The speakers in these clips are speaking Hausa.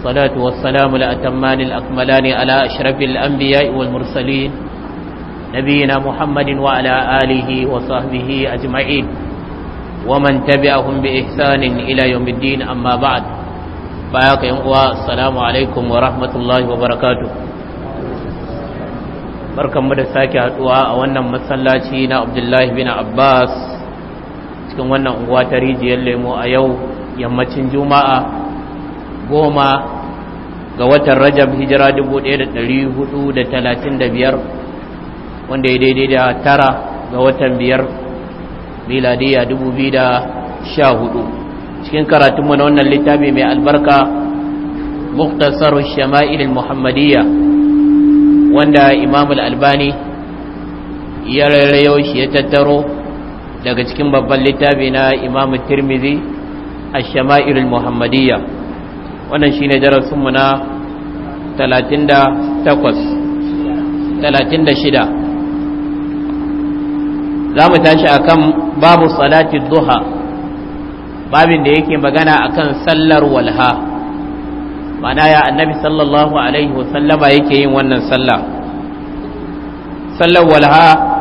والصلاة والسلام الأتمان الأكملان على أشرف الأنبياء والمرسلين نبينا محمد وعلى آله وصحبه أجمعين ومن تبعهم بإحسان إلى يوم الدين أما بعد فأياك السلام عليكم ورحمة الله وبركاته barkan mu da sake haduwa a wannan masallaci na Abdullahi bin Abbas cikin wannan unguwa ta rijiyar lemo a yau yammacin juma'a goma ga watan rajab hijira 1435 wanda ya daidai da tara ga watan biyar miladiya 2014 cikin karatunmu na wannan littafi mai albarka muktasarun shama'il muhammadiyya wanda imamul albani ya rairayo shi ya tattaro daga cikin babban littafi na imamu tirmizi a shama'il muhammadiyya wannan shine darasinmu na talatin da takwas talatin da shida za mu tashi a kan babu salati duha babin da yake magana a kan sallar walha mana ya annabi sallallahu alaihi wasallama yake yin wannan sallah sallar walha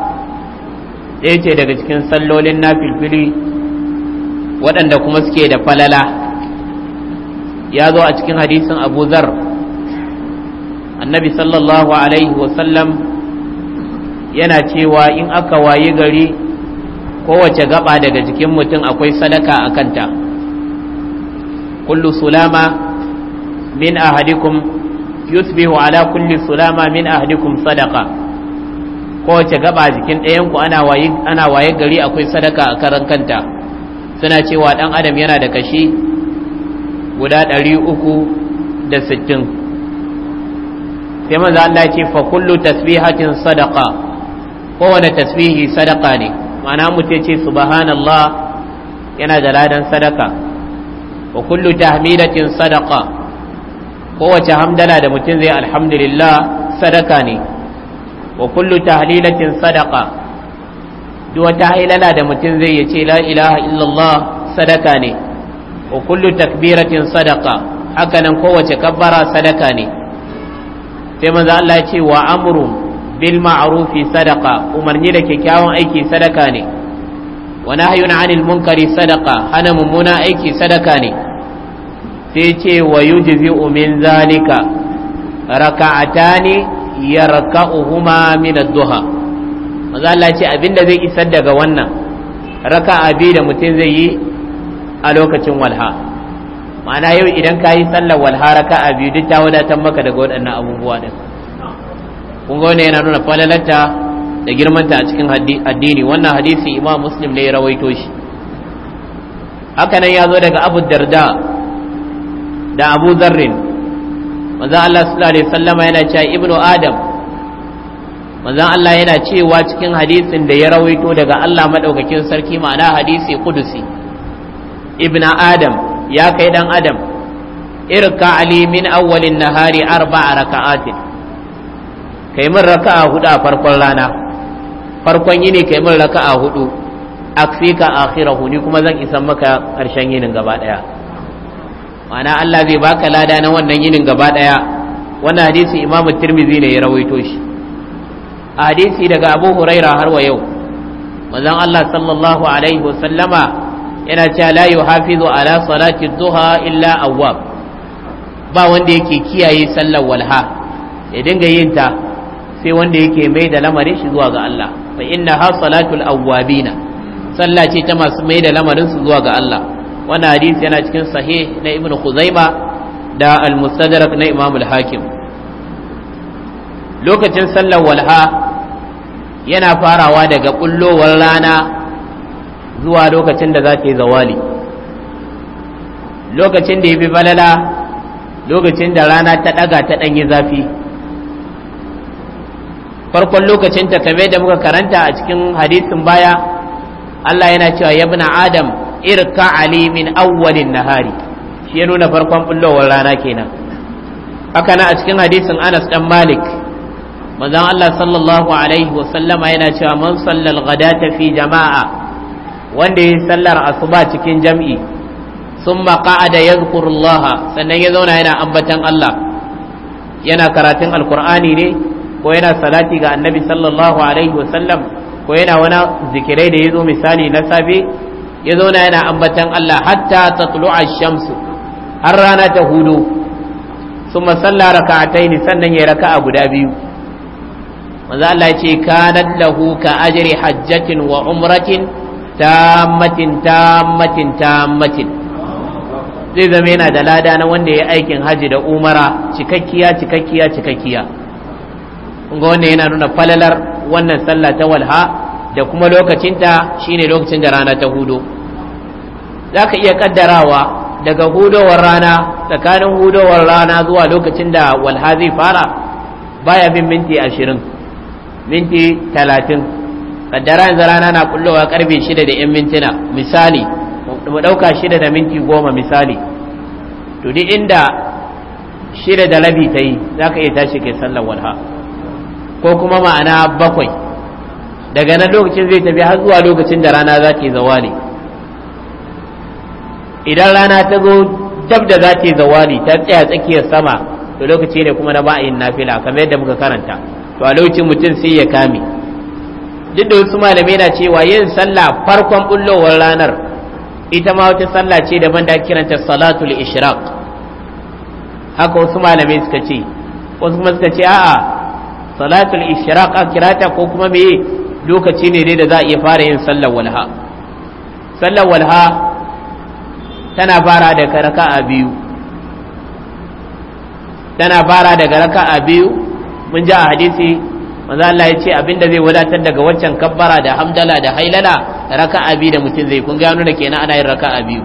ɗaya ce daga cikin sallolin na filfili waɗanda kuma suke da falala ya zo a cikin hadisin abu zar annabi sallallahu alaihi wasallam yana cewa in aka waye gari kowace gaba daga jikin mutum akwai sadaka a kanta kullu sulama min ahadikum yusbihu ala kulli sulama min ahadikum sadaka kowace gaba jikin ɗayanku ana waye gari akwai sadaka a karan kanta suna cewa ɗan adam yana da kashi guda ɗari uku da sittin sai manzo Allah ya ce fa kullu tasbihatin sadaqa kowane tasbihi sadaqa ne ma'ana mutum ya ce subhanallah yana da ladan sadaka wa kullu tahmidatin sadaqa kowace hamdala da mutum zai alhamdulillah sadaka ne wa kullu tahlilatin sadaqa duk wata hailala da mutum zai ya ce la ilaha illallah sadaka ne wa kullu takbiratin sadaqa hakanan kowace kabbara sadaka ne sai manzo Allah ya ce wa amru bil ma'rufi sadaqa umarni da kyakkyawan aiki sadaka ne wa nahyun 'anil munkari sadaqa hana mummuna aiki sadaka ne sai ce wa yujzi'u min zalika raka'atani yarka'uhuma min ad-duha manzo Allah ya ce abinda zai isar daga wannan raka'a bi da mutum zai yi a lokacin walha ma'ana yau idan ka yi sallar walhara ka a biyu duk ta wadatar maka daga waɗannan abubuwa ɗin kun ga wani yana nuna falalarta da girmanta a cikin addini wannan hadisi imam muslim ne ya rawaito shi haka nan ya zo daga abu darda da abu zarrin manzan allah sallallahu alaihi sallama yana cewa ibnu adam manzan allah yana cewa cikin hadisin da ya rawaito daga allah maɗaukakin sarki ma'ana hadisi kudusi ibnu adam ya kai dan adam irka ali min awwalin nahari arba'a raka'atin kai min raka'a hudu a farkon rana farkon yini kai min raka'a hudu akfika akhirahu ni kuma zan isan maka karshen yinin gaba daya ma'ana Allah zai baka lada na wannan yinin gaba daya wannan hadisi Imam Tirmidhi ne ya rawaito shi hadisi daga Abu Huraira har wa yau manzon Allah sallallahu alaihi wasallama yana cewa la yuhafizu ala salati duha illa awwab ba wanda yake kiyaye sallar walha ya dinga yin ta sai wanda yake mai da lamarin shi zuwa ga Allah fa inna ha salatul awwabina sallah ce ta masu mai da lamarin su zuwa ga Allah wannan hadisi yana cikin sahih na ibnu khuzaima da al-mustadrak na imam al-hakim lokacin sallar walha yana farawa daga kullowar rana zuwa lokacin da za ta yi zawali lokacin da ya fi falala lokacin da rana ta ɗaga ta ɗanyi zafi farkon lokacin ta kame da muka karanta a cikin hadisin baya Allah yana cewa ya bina adam irka ali min na hari shi ya nuna farkon bullowar rana kenan haka na a cikin hadisin anas dan malik manzon Allah sallallahu alaihi wa sallama yana cewa man sallal ghadata fi jama'a wanda ya sallar asuba cikin jam'i sun maƙa'ada da zukurullaha sannan ya zauna yana ambatan Allah yana karatun alkur'ani ne ko yana salati ga annabi sallallahu alaihi wasallam ko yana wani zikirai da ya zo misali na safe ya zauna yana ambatan Allah hatta ta tulu'a shamsu har rana ta hudu sun masalla raka'atai ni sannan ya raka'a guda biyu manzo Allah ya ce kanat lahu ka ajri hajjatin wa umratin tammatin tammatin tammatin zai zama yana da lada na wanda ya aikin haji da umara cikakkiya cikakkiya cikakkiya ga wannan yana nuna falalar wannan sallah ta walha da kuma lokacinta shine lokacin da rana ta hudu za ka iya kaddarawa daga hudowar rana tsakanin hudowar rana zuwa lokacin da walha zai fara baya bin minti ashirin minti talatin kaddara yanzu rana na kullowa karfe shida da yan mintuna misali mu ɗauka shida da minti goma misali to duk inda shida da rabi ta yi za ka iya tashi kai sallar walha ko kuma ma'ana bakwai daga nan lokacin zai tafi har zuwa lokacin da rana za ta yi zawali idan rana ta zo dab da za ta yi zawali ta tsaya tsakiyar sama to lokaci ne kuma na ba'ayin nafila kamar yadda muka karanta to a lokacin mutum sai ya kame duk da wasu malamai na cewa yin sallah farkon bullowar ranar ita ma wata sallah ce daban da kiranta salatul ishraq haka wasu malamai suka ce wasu kuma suka ce a'a salatul ishraq a kirata ko kuma me lokaci ne dai da za a iya fara yin sallar walha sallar walha tana fara daga raka'a biyu tana fara daga raka'a biyu mun ji a hadisi manzo Allah ya ce abinda zai wadatar daga waccan kabbara da hamdala da hailala raka'a biyu da mutum zai kun ga nuna kenan ana yin raka'a biyu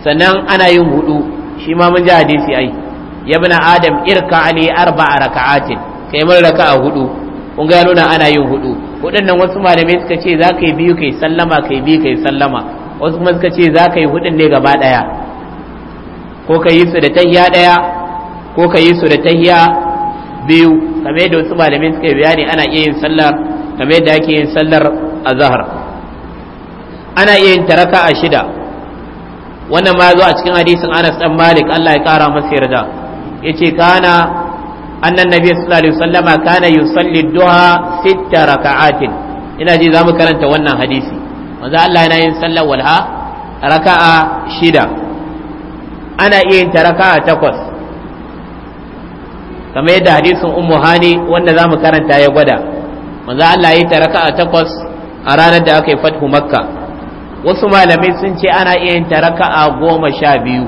sannan ana yin hudu shi ma mun ji hadisi ai yabna adam irka ali arba'a raka'atin kai mun raka'a hudu kun ga nuna ana yin hudu hudun nan wasu malamai suka ce za ka yi biyu kai sallama kai biyu kai sallama wasu kuma suka ce za ka yi hudun ne gaba daya ko ka yi su da tahiya daya ko ka yi su da tahiya biyu kamar yadda wasu malamai suka yi bayani ana iya yin sallar kamar yadda ake yin sallar a zahar ana iya yin taraka a shida wannan ma zo a cikin hadisin Anas dan Malik Allah ya kara masa yarda yace kana annan nabi sallallahu alaihi wasallama kana yusalli duha sitta raka'atin ina ji zamu karanta wannan hadisi manzo Allah yana yin sallar walha raka'a shida ana iya yin taraka takwas kamar yadda hadisin ummu hani wanda zamu karanta ya gwada manzo Allah ya taraka a takwas a ranar da aka yi fathu makka wasu malamai sun ce ana iya yin taraka a goma sha biyu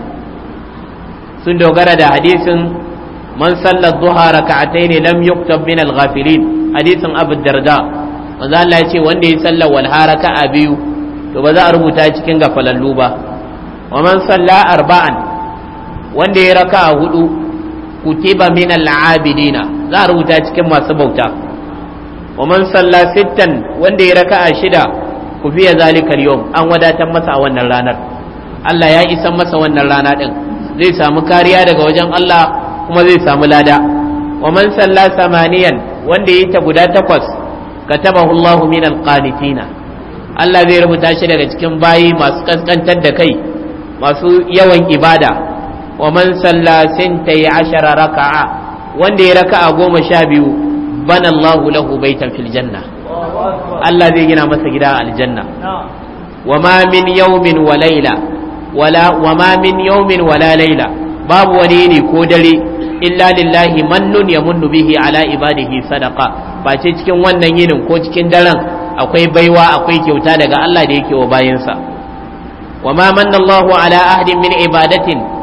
sun dogara da hadisin man sallar raka'atai ne lam yuktab min al ghafirin hadisin abu darda manzo Allah ya ce wanda ya sallar wal haraka a biyu to ba za a rubuta cikin gafalallu ba wa man arba'an wanda ya raka a hudu kutiba min al'abidina za a rubuta cikin masu bauta wa man salla sittan wanda ya raka'a shida ku fiye zalikal yau an wadatar masa a wannan ranar Allah ya isa masa wannan rana din zai samu kariya daga wajen Allah kuma zai samu lada wa man salla samaniyan wanda ya ta guda takwas katabahu Allah min alqanitina Allah zai rubuta shi daga cikin bayi masu kaskantar da kai masu yawan ibada wa man salla sintai ashara raka'a wanda ya raka a goma sha biyu bana lahu baitan fil janna Allah zai gina masa gida aljanna wa ma min yawmin min wala layla babu wani ne ko dare illa lillahi mannun munnu bihi ala ibadihi sadaka. Bace cikin wannan yinin ko cikin daren akwai baiwa akwai kyauta daga Allah da yake wa bayansa wa ma manna Allahu ala ahdin min ibadatin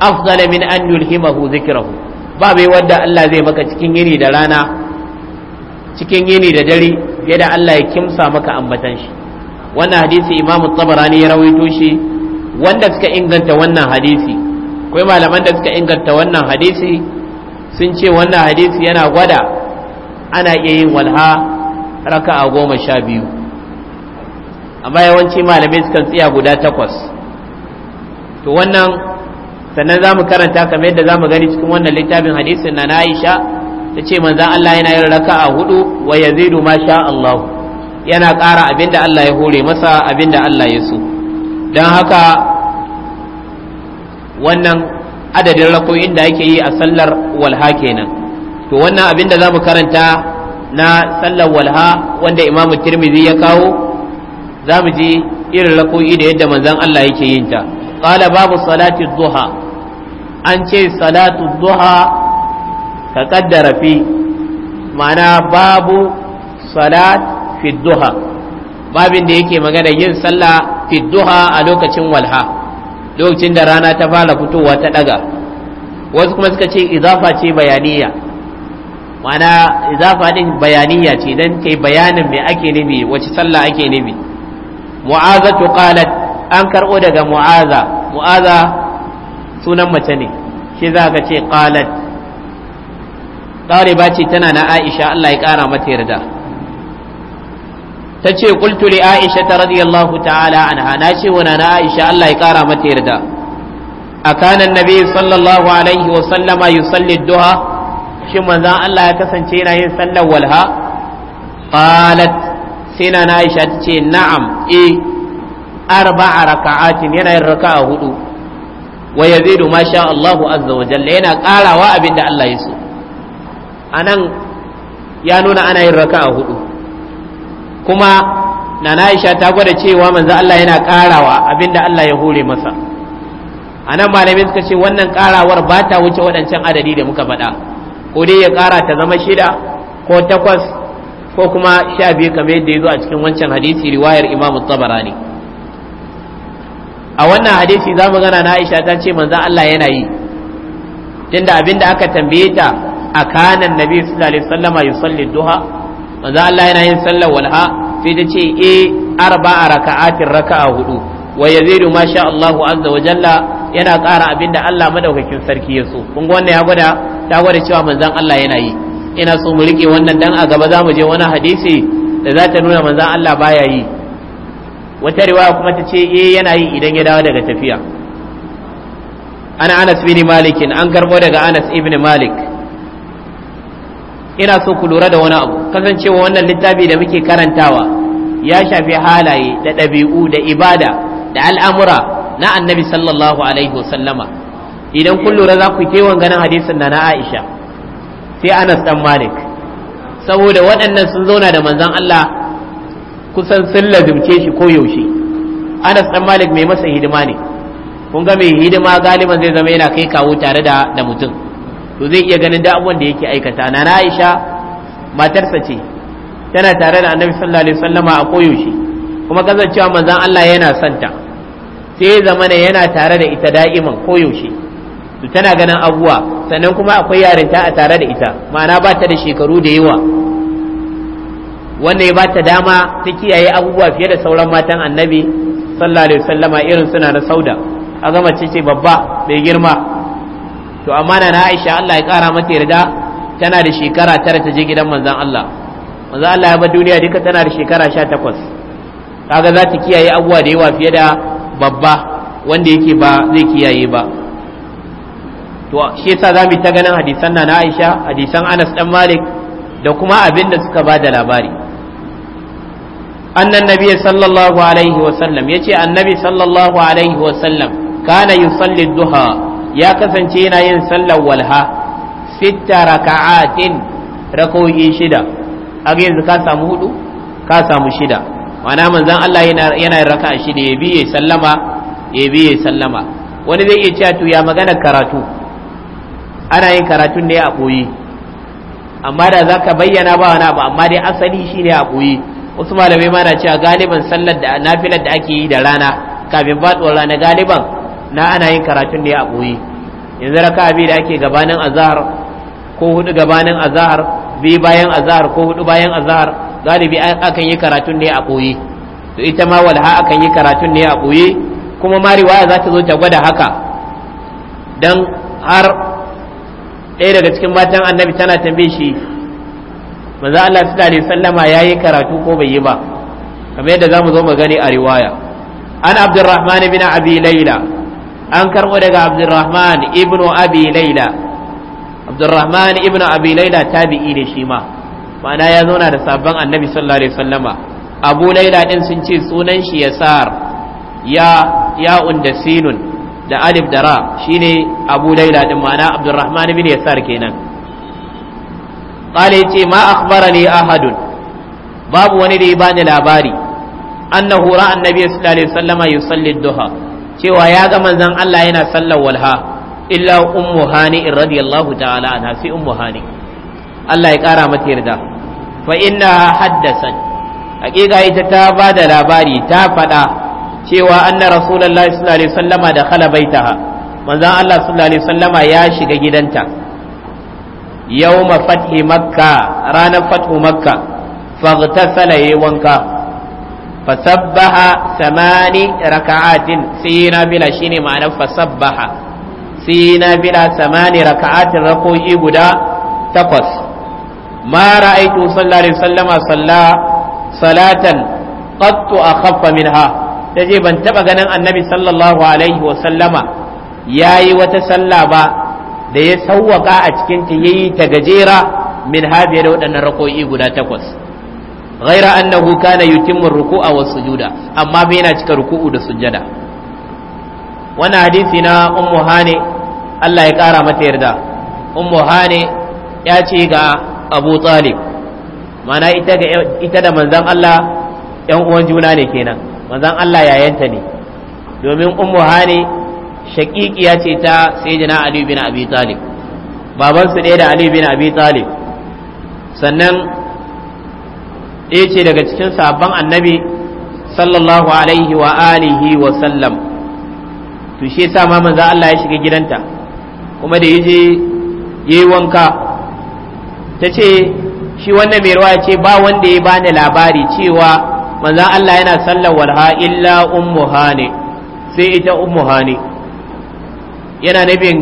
afdala min an yulhimahu zikrahu ba bai wanda Allah zai maka cikin yini da rana cikin yini da dare fiye da Allah ya kimsa maka ambatan shi wannan hadisi Imam Tabarani ya rawaito shi wanda suka inganta wannan hadisi akwai malaman da suka inganta wannan hadisi sun ce wannan hadisi yana gwada ana iya yin walha raka'a goma sha biyu amma yawanci malamai sukan tsiya guda takwas to wannan sannan za mu karanta kamar yadda za mu gani cikin wannan littafin hadisin na Aisha ta ce manzan Allah yana yin raka'a hudu wa yazidu ma sha Allah yana ƙara abinda Allah ya hore masa abinda Allah ya so don haka wannan adadin rako'in da ake yi a sallar walha kenan to wannan abinda za mu karanta na sallar walha wanda imamu tirmidhi ya kawo za mu ji irin rako'i da yadda manzan Allah yake yin ta qala babu salati zuha. an ce salatu duha ka kaddara fi ma'ana babu salat fi duha babin da yake magana yin sallah fi duha a lokacin walha lokacin da rana ta fara fitowa ta daga wasu kuma suka ce izafa ce bayaniya ma'ana izafa din bayaniya ce dan kai bayanin me ake nufi wace sallah ake nufi mu'azatu qalat an karbo daga mu'aza mu'aza sunan mace ne shi za ka ce qalat ɗaliba ce tana na aisha Allah ya ƙara mata yarda ta ce kulturi aisha ta radiyallahu ta'ala anha na ce wa na aisha Allah ya ƙara mata yarda akana annabi sallallahu alaihi wa sallama yusalli duha shin manzon Allah ya kasance yana yin sallar walha qalat sai na aisha ta ce na'am eh arba'a raka'atin yana yin raka'a hudu wa yazidu ma sha Allahu azza wa jalla yana karawa abin da Allah ya so anan ya nuna ana yin raka a hudu kuma nana Aisha ta gwada cewa manzo Allah yana karawa abin da Allah ya hore masa anan malamin suka ce wannan karawar ba ta wuce waɗancan adadi da muka faɗa ko dai ya kara ta zama shida ko takwas ko kuma sha biyu kamar yadda ya zo a cikin wancan hadisi riwayar Imam Tabarani a wannan hadisi za mu gana na aisha ta ce manzan Allah yana yi tunda abinda aka tambaye ta a kanan nabi sallallahu alaihi wasallama yusalli duha manzan Allah yana yin sallar walha sai ta ce e eh, arba a raka'atin raka'a hudu wa yazidu ma sha Allahu azza wa jalla yana ƙara abinda Allah madaukakin sarki ya so kun wannan ya gwada ta gwada cewa manzan Allah yana yi ina so mu rike wannan dan a gaba za mu je wani hadisi da za ta nuna manzan Allah baya yi wata riwaya kuma ta ce eh yana yi idan ya dawo daga tafiya ana anas bin malik an karbo daga anas ibn malik ina so ku lura da wani abu kasancewa wannan littafi da muke karantawa ya shafi halaye da ɗabi'u da ibada da al'amura na annabi sallallahu alaihi wasallama idan kun lura za ku kewan ganin hadisin na na aisha sai anas dan malik saboda waɗannan sun zauna da manzon allah kusan sun lazimce shi ko yaushe anas dan malik mai masa hidima ne kun ga mai hidima galiban zai zama yana kai kawo tare da da mutum to zai iya ganin da abubuwan da yake aikata na Aisha matarsa ce tana tare da annabi sallallahu alaihi wasallama a koyaushe kuma kasancewa manzon Allah yana santa sai ya zamana yana tare da ita da'iman koyaushe to tana ganin abuwa sannan kuma akwai yarinta a tare da ita ma'ana ba ta da shekaru da yawa wanda ya bata dama ta kiyaye abubuwa fiye da sauran matan annabi sallallahu alaihi wasallama irin suna da sauda zama ce ce babba mai girma to amma na Aisha Allah ya kara mata yarda tana da shekara tara ta je gidan manzon Allah manzon Allah ya bar duniya duka tana da shekara 18 kaga za ta kiyaye abubuwa da yawa fiye da babba wanda yake ba zai kiyaye ba to shi yasa zamu ta ganin hadisan na Aisha hadisan Anas dan Malik da kuma abin da suka ba da labari annan nabi sallallahu alaihi wasallam ya ce annabi sallallahu alaihi wasallam kana yusalli duha ya kasance yana yin sallar walha sitta raka'atin raka'o'i shida a yanzu ka samu hudu ka samu shida mana manzon Allah yana yana raka'a shida ya biye sallama ya biye sallama wani zai iya cewa to ya magana karatu ana karatun ne a boye amma da za ka bayyana ba wani abu amma dai asali shi ne a ɓoye wasu malamai ma cewa galiban sallar da nafilar da ake yi da rana kafin faduwar rana galiban na ana yin karatun ne a boye yanzu raka bi da ake gabanin azhar ko hudu gabanin azhar bi bayan azhar ko hudu bayan azhar galibi akan yi karatun ne a boye to ita ma walha akan yi karatun ne a boye kuma ma waya za ta zo ta gwada haka dan har ɗaya daga cikin matan annabi tana tambaye shi manzo Allah sallallahu alaihi wasallama yayi karatu ko bai yi ba kamar yadda zamu zo mu gani a riwaya an abdurrahman ibn abi layla an karbo daga abdurrahman ibn abi layla abdurrahman ibn abi layla tabi'i ne shi ma ma'ana ya zauna da sabon annabi sallallahu alaihi wasallama abu layla din sun ce sunan shi yasar ya ya'un da sinun da alif da ra shine abu layla din ma'ana abdurrahman ibn yasar kenan Ƙale yace ma akhbarani ahadun babu wani da ya bani labari annahu ra'a annabi sallallahu alaihi wasallama yusalli duha cewa ya ga manzon Allah yana sallar walha illa ummu hani radiyallahu ta'ala anha sai ummu hani Allah ya kara mata yarda fa inna haddasan hakika ita ta ba da labari ta faɗa cewa anna rasulullahi sallallahu alaihi wasallama da khala baitaha manzon Allah sallallahu alaihi wasallama ya shiga gidanta يوم فتح مكة رانا فتح مكة فاغتسل يوانكا فسبح ثمان ركعات سينا بلا شيني معنى فسبح سينا بلا ثمان ركعات ركو إبدا تقص ما رأيت صلى الله عليه وسلم صلى صلاة قط أخف منها تجيب أن تبغى النبي صلى الله عليه وسلم ياي وتسلى با da ya sawwaka a cikin ta yayi ta gajera min hadiya da waɗannan rako'i guda takwas ghaira annahu kana yutimmu ruku'a wasu sujuda amma bai yana cika ruku'u da sujjada wannan hadisi na ummu hani Allah ya kara mata yarda ummu hani ya ce ga abu talib mana ita ga ita da manzon Allah yan uwan juna ne kenan manzon Allah yayanta ne domin ummu hani shaƙiƙiya ce ta sayyidina Ali bin Abi Talib babansu ɗaya da Ali bin Abi Talib sannan ɗaya ce daga cikin sabon annabi sallallahu alaihi wa alihi wa sallam to shi yasa ma manzo Allah ya shiga gidanta kuma da yaje yayi wanka tace shi wannan mai ruwa ce ba wanda ya bani labari cewa manzo Allah yana sallar walha illa ummu hane sai ita ummu hane yana nufin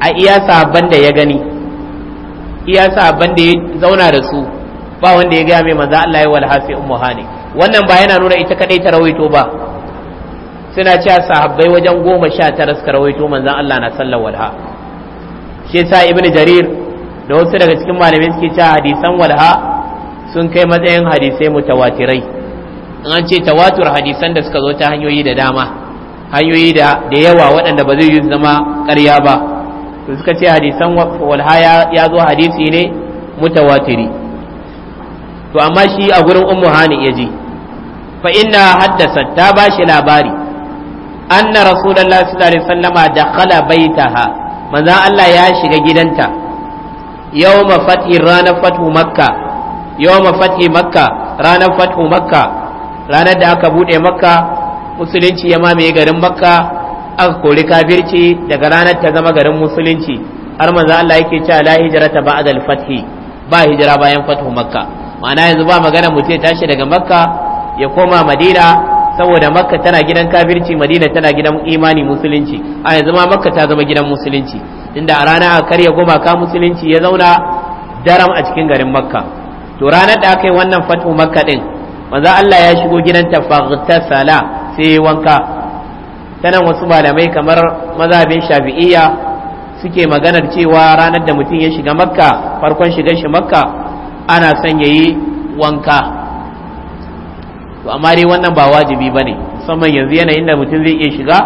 a iya sabon da ya gani iya sabon da ya zauna da su ba wanda ya gaya mai maza Allah ya walhafi ummu hani wannan ba yana nuna ita kadai ta rawaito ba suna cewa sahabbai wajen goma sha tara suka rawaito manzan Allah na sallar walha shi sa ibn jarir da wasu daga cikin malamai suke cewa hadisan walha sun kai matsayin hadisai mutawatirai an ce tawatur hadisan da suka zo ta hanyoyi da dama hanyoyi da da yawa waɗanda ba zai yi zama ƙarya ba to suka ce hadisan walhaya ya zo hadisi ne mutawatiri to amma shi a gurin ummu hani ya ji fa inna haddasa ta ba shi labari anna rasulullahi sallallahu alaihi wasallama dakhala baitaha manzo Allah ya shiga gidanta yawma fathi ranar fathu makka yawma fathi makka ranar fathu makka ranar da aka bude makka musulunci ya mamaye garin makka aka kori kafirci daga ranar ta zama garin musulunci har manzo Allah yake cewa la hijrata ba'da al-fath ba hijira bayan fathu makka ma'ana yanzu ba magana mutum ya tashi daga makka ya koma madina saboda makka tana gidan kafirci madina tana gidan imani musulunci a yanzu ma makka ta zama gidan musulunci inda a rana aka karya gumaka musulunci ya zauna daram a cikin garin makka to ranar da aka yi wannan fathu makka din manzo Allah ya shigo gidan tafaghtasala sai wanka tanan wasu malamai kamar mazhabin shafi'iyya suke maganar cewa ranar da mutum ya shiga makka farkon shigar shi makka ana son ya yi wanka to amma dai wannan ba wajibi ba ne musamman yanzu yanayin da mutum zai iya shiga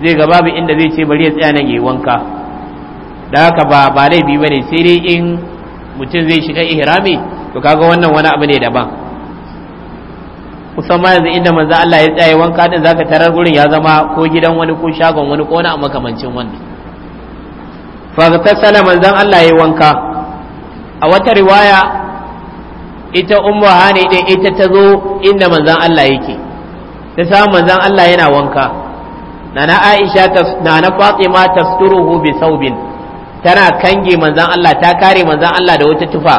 zai ga babu inda zai ce bari ya tsaya nan ya yi wanka da haka ba ba laifi ba ne sai dai in mutum zai shiga ihrami to kaga wannan wani abu ne daban kusan ma yanzu inda manzo Allah ya tsaye wanka din zaka tarar gurin ya zama ko gidan wani ko shagon wani ko na makamancin wannan faghtasala manzo Allah ya wanka a wata riwaya ita ummu hani din ita ta zo inda manzo Allah yake ta samu manzo Allah yana wanka nana Aisha nana Fatima suruhu bi saubin tana kange manzo Allah ta kare manzo Allah da wata tufa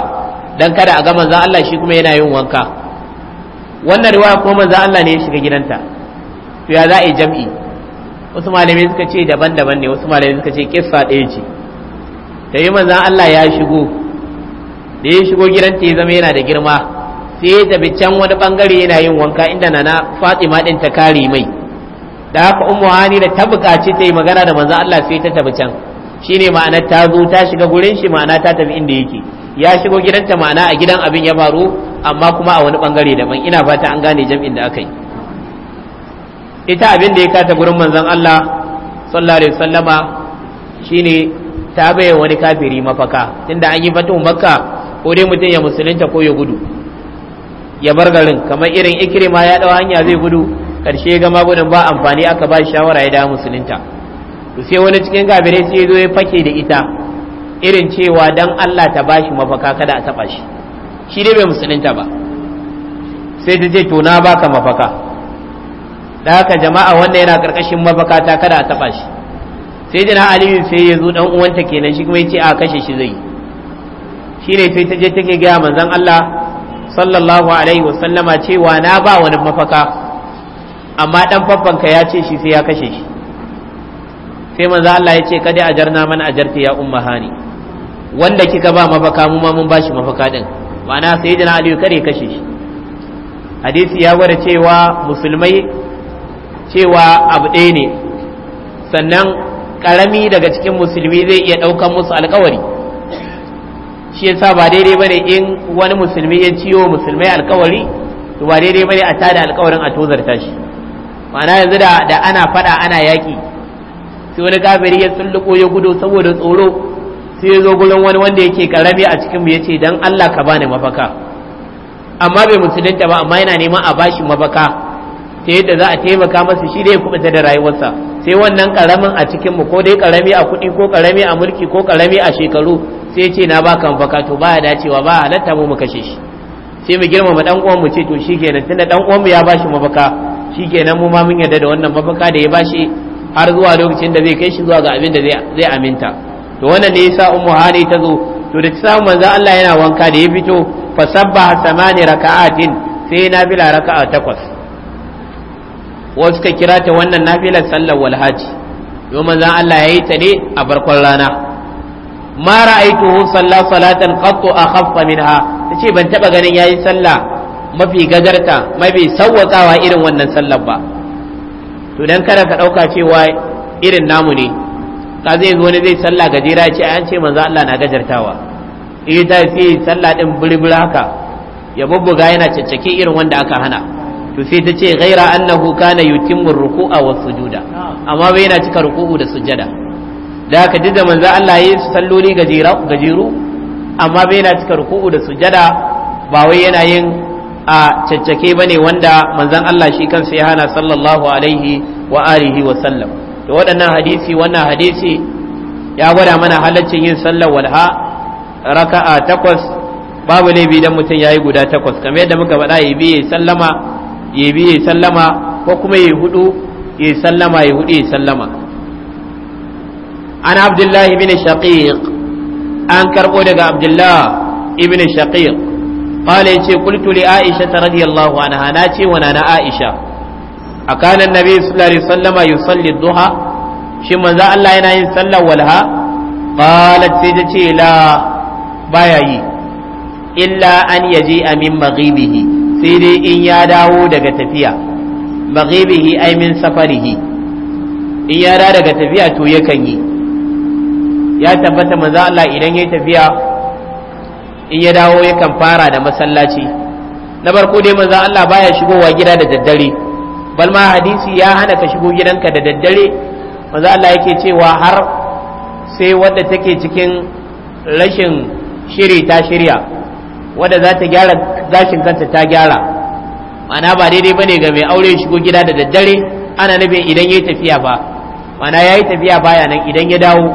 dan kada a ga manzo Allah shi kuma yana yin wanka wannan riwaya kuma manzo Allah ne ya shiga gidanta to ya za a yi jam'i wasu malamai suka ce daban-daban ne wasu malamai suka ce kissa ɗaya ce ta yi manzo Allah ya shigo da ya shigo gidanta ya zama yana da girma sai ya tafi can wani bangare yana yin wanka inda nana fatima din ta kare mai da haka ummu hani da ta buƙaci ta yi magana da manzan Allah sai ta tafi can shine ma'ana ta zo ta shiga gurin shi ma'ana ta tafi inda yake ya shigo gidanta ma'ana a gidan abin ya faru amma kuma a wani bangare daban ina fata an gane jam'in da aka yi ita abin da ya kata gurin manzon Allah sallallahu alaihi wasallama shine ta baye wani kafiri mafaka tunda an yi fatu makka ko dai mutum ya musulunta ko ya gudu ya bar garin kamar irin ikrima ya dawo hanya zai gudu karshe ga magudan ba amfani aka ba shawara ya dawo musulunta to sai wani cikin kafirai sai ya zo ya fake da ita irin cewa dan Allah ta bashi mafaka kada a taba shi shi dai bai musulunta ba sai ta ce to na baka mafaka da haka jama'a wanda yana karkashin mafaka ta kada a taba shi sai jina aliyu sai ya zo dan uwanta kenan shi kuma yace a kashe shi zai shi ne sai ta je take gaya manzon Allah sallallahu alaihi wasallama cewa na ba wani mafaka amma dan faffanka ya ce shi sai ya kashe shi sai manzo Allah ya ce kada ajarna man ajarti ya ummahani wanda kika ba mafaka mu ma mun bashi mafaka din ma'ana sayyidina Aliyu kare kashe shi hadisi ya gwada cewa musulmai cewa abu ɗaya ne sannan ƙarami daga cikin musulmi zai iya ɗaukan musu alkawari shi ya sa ba daidai bane in wani musulmi ya ciwo musulmai alkawari to ba daidai bane a tada alkawarin a tozarta shi ma'ana yanzu da ana fada ana yaki sai wani kafiri ya sulluko ya gudu saboda tsoro sai ya zo gurin wani wanda yake karami a cikin mu yace dan Allah ka bani mafaka amma bai musulunta ba amma yana neman a bashi mafaka ta yadda za a taimaka masa shi dai kubuta da rayuwarsa sai wannan karamin a cikin mu ko dai karami a kuɗi ko karami a mulki ko karami a shekaru sai ce na baka mafaka to baya dacewa ba halatta mu mu kashe shi sai mu girmama dan uwan mu ce to shikenan tunda dan uwan mu ya bashi mafaka shikenan mu ma mun yarda da wannan mafaka da ya bashi har zuwa lokacin da zai kai shi zuwa ga abin da zai aminta to wannan ne yasa ummu hani ta zo to da ta samu manzo Allah yana wanka da ya fito fa sabbaha samani raka'atin sai nafila raka'a takwas wa suka kira ta wannan nafilar sallar walhaji yau manzo Allah yayi ta ne a barkon rana ma ra'aytuhu salla salatan qattu akhaffa minha tace ban taba ganin yayi sallah mafi gagarta mafi sawwakawa irin wannan sallar ba to dan kada ka dauka cewa irin namu ne ka zai zo wani zai sallah gajera ya ce an ce manzo Allah na gajartawa eh ta sai sallah din burbura haka ya bubbuga yana caccake irin wanda aka hana to sai ta ce ghaira annahu kana yutimmu ruku'a wa sujuda amma bai yana cika ruku'u da sujada. da haka duk da manzo Allah yayi salloli gajera gajeru amma bai yana cika ruku'u da sujada, ba wai yana yin a caccake ba ne wanda manzan Allah shi kansa ya hana sallallahu alaihi wa alihi wa sallam Da waɗannan hadisi wannan hadisi ya gwada mana halaccin yin sallar walha raka'a takwas babu laifi don mutum ya yi guda takwas kamar yadda muka faɗa yi biye sallama yi biye sallama ko kuma yi hudu yi sallama yi hudu yi sallama an abdullahi bin shaqiq an karɓo daga abdullahi ibn shaqiq qala yace qultu li aisha radiyallahu anha nace wa nana aisha akan annabi sallallahu alaihi wasallama yusalli duha shi manzo Allah yana yin sallar walha qalat sai ta ce la baya yi illa an yaji amin maghibihi sai dai in ya dawo daga tafiya maghibihi ai min safarihi in ya dawo daga tafiya to yakan yi ya tabbata manzo Allah idan ya tafiya in ya dawo yakan fara da masallaci na farko dai manzo Allah baya shigowa gida da daddare balma hadisi ya hana ka shigo gidanka da daddare manzo Allah yake cewa har sai wadda take cikin rashin shiri ta shirya wadda za ta gyara gashin kanta ta gyara mana ba daidai bane ga mai aure shigo gida da daddare ana nufin idan yayi tafiya ba mana yayi tafiya baya nan idan ya dawo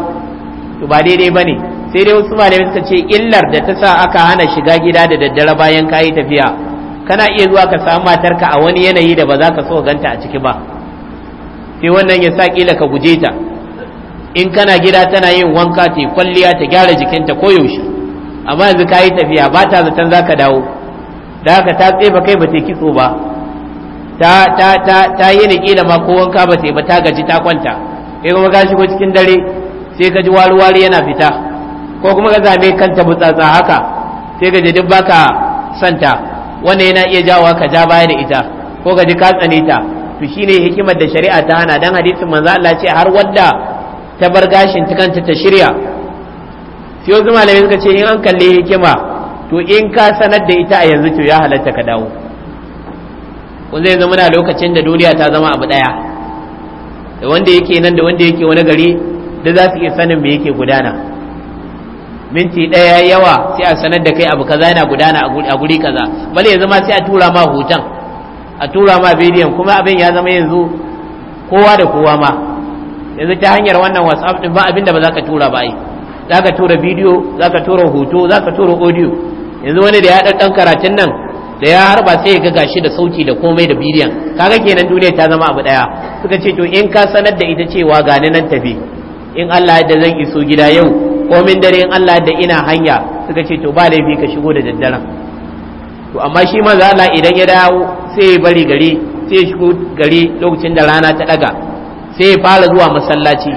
to ba daidai bane sai dai wasu malamai suka ce illar da ta sa aka hana shiga gida da daddare bayan kayi tafiya kana iya zuwa ka samu matarka a wani yanayi da ba za ka so ganta a ciki ba sai wannan ya sa kila ka guje ta in kana gida tana yin wanka ta kwalliya ta gyara jikinta ko yaushe. amma yanzu ka yi tafiya ba ta zaton za ka dawo da haka ta tsefa kai ba ta kitso ba ta ta ta ta yi ne kila ma ko wanka ba ta ba ta gaji ta kwanta kai kuma ka shigo cikin dare sai ka ji wari-wari yana fita ko kuma ka zame kanta butsatsa haka sai ka je duk baka santa wanda yana iya jawa ka ja baya da ita ko ka ji ka tsane ta to shine hikimar da shari'a ta hana dan hadisin manzo Allah ce har wadda ta bar gashin ta kanta ta shirya sai wasu malamai suka ce in an kalle hikima to in ka sanar da ita a yanzu to ya halatta ka dawo kun zai zama na lokacin da duniya ta zama abu daya da wanda yake nan da wanda yake wani gari da za su iya sanin me yake gudana minti ɗaya yawa sai a sanar da kai abu kaza yana gudana a guri kaza bale ya zama sai a tura ma hoton a tura ma bidiyon kuma abin ya zama yanzu kowa da kowa ma yanzu ta hanyar wannan whatsapp din ba abin da ba za ka tura ba ai za ka tura bidiyo za ka tura hoto za ka tura audio yanzu wani da ya ɗan ɗan karatun nan da ya harba sai ya ga gashi da sauti da komai da bidiyon kaga kenan duniya ta zama abu ɗaya suka ce to in ka sanar da ita cewa gani nan tafi in Allah da zan iso gida yau komin dare in Allah da ina hanya suka ce to ba laifi ka shigo da daddaren to amma shi maza Allah idan ya dawo sai ya bari gari sai ya shigo gari lokacin da rana ta daga sai ya fara zuwa masallaci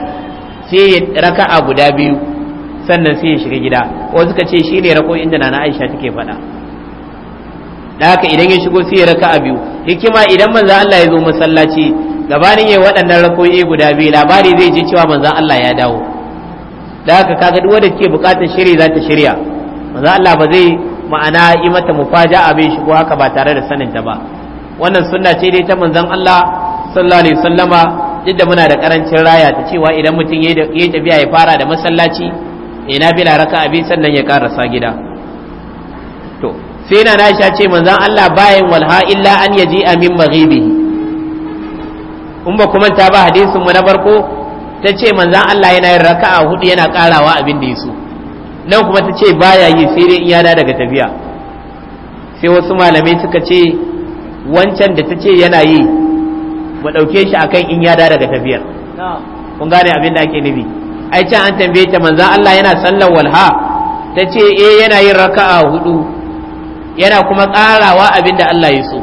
sai ya raka'a guda biyu sannan sai ya shiga gida ko suka ce shi ne rako inda nana Aisha take faɗa da haka idan ya shigo sai ya raka'a biyu hikima idan manzo Allah ya zo masallaci gabanin yayin waɗannan rakoyi guda biyu labari zai je cewa manzo Allah ya dawo da haka kaga duk wanda ke bukatar shiri za ta shirya manzo Allah ba zai ma'ana yi mata mufaja'a bai shigo haka ba tare da saninta ba wannan sunna ce dai ta manzon Allah sallallahu alaihi wasallama duk da muna da karancin raya ta cewa idan mutum ya tafiya ya fara da masallaci ina bila raka abi sannan ya karasa gida to sai na nasha ce manzon Allah bayan walha illa an yaji amin maghibi in ba kuma ta ba hadisin mu na farko ta ce manzan Allah yana yin raka'a hudu yana karawa abin da ya so nan kuma ta ce baya yi sai dai in daga tafiya sai wasu malamai suka ce wancan da ta ce yana yi mu ɗauke shi akan in ya daga tafiyar kun gane abin da ake nufi ai can an tambaye ta manzan Allah yana sallar walha ta ce eh yana yin raka'a hudu yana kuma karawa abin da Allah ya so